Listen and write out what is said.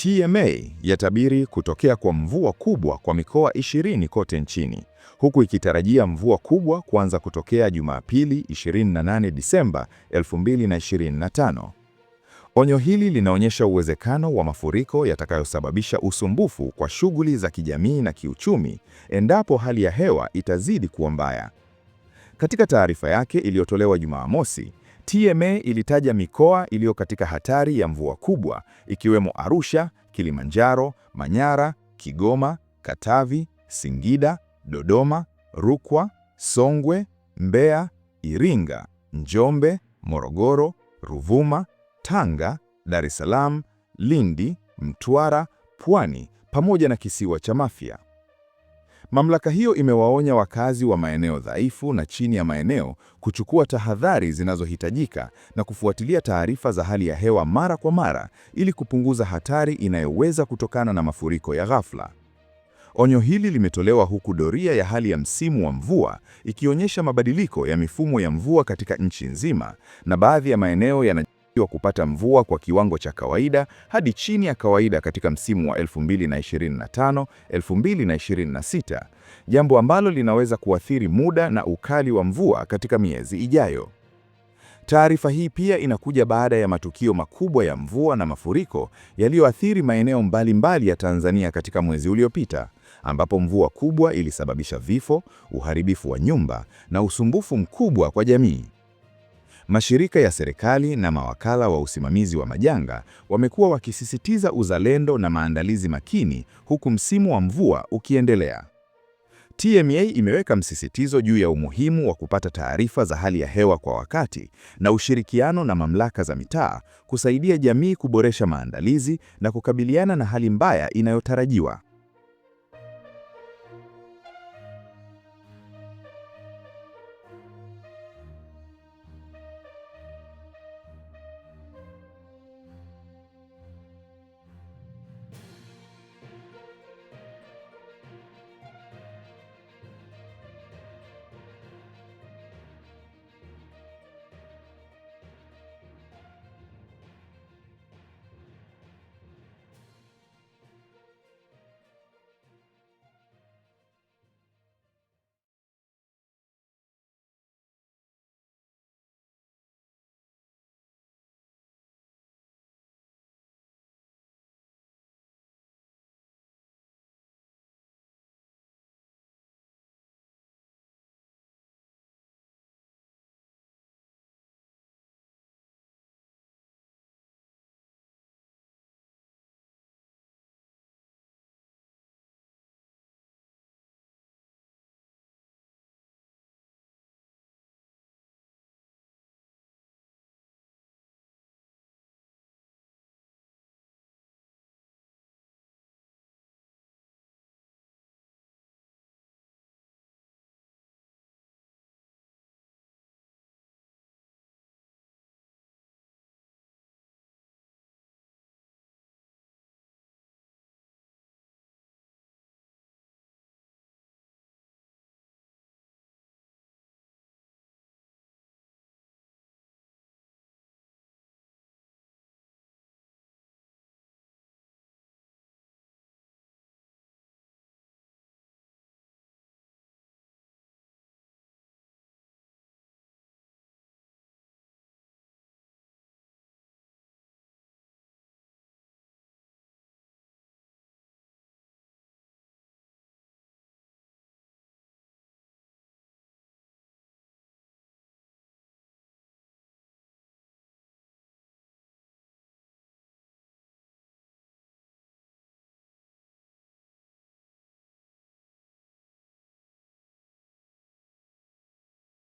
TMA yatabiri kutokea kwa mvua kubwa kwa mikoa 20 kote nchini, huku ikitarajia mvua kubwa kuanza kutokea Jumapili 28 Disemba 2025. Onyo hili linaonyesha uwezekano wa mafuriko yatakayosababisha usumbufu kwa shughuli za kijamii na kiuchumi endapo hali ya hewa itazidi kuwa mbaya. Katika taarifa yake iliyotolewa Jumamosi, TMA ilitaja mikoa iliyo katika hatari ya mvua kubwa ikiwemo Arusha, Kilimanjaro, Manyara, Kigoma, Katavi, Singida, Dodoma, Rukwa, Songwe, Mbeya, Iringa, Njombe, Morogoro, Ruvuma, Tanga, Dar es Salaam, Lindi, Mtwara, Pwani pamoja na kisiwa cha Mafia. Mamlaka hiyo imewaonya wakazi wa maeneo dhaifu na chini ya maeneo kuchukua tahadhari zinazohitajika na kufuatilia taarifa za hali ya hewa mara kwa mara ili kupunguza hatari inayoweza kutokana na mafuriko ya ghafla. Onyo hili limetolewa huku doria ya hali ya msimu wa mvua ikionyesha mabadiliko ya mifumo ya mvua katika nchi nzima na baadhi ya maeneo yana wa kupata mvua kwa kiwango cha kawaida hadi chini ya kawaida katika msimu wa 2025 2026, jambo ambalo linaweza kuathiri muda na ukali wa mvua katika miezi ijayo. Taarifa hii pia inakuja baada ya matukio makubwa ya mvua na mafuriko yaliyoathiri maeneo mbalimbali ya Tanzania katika mwezi uliopita, ambapo mvua kubwa ilisababisha vifo, uharibifu wa nyumba na usumbufu mkubwa kwa jamii. Mashirika ya serikali na mawakala wa usimamizi wa majanga wamekuwa wakisisitiza uzalendo na maandalizi makini huku msimu wa mvua ukiendelea. TMA imeweka msisitizo juu ya umuhimu wa kupata taarifa za hali ya hewa kwa wakati na ushirikiano na mamlaka za mitaa kusaidia jamii kuboresha maandalizi na kukabiliana na hali mbaya inayotarajiwa.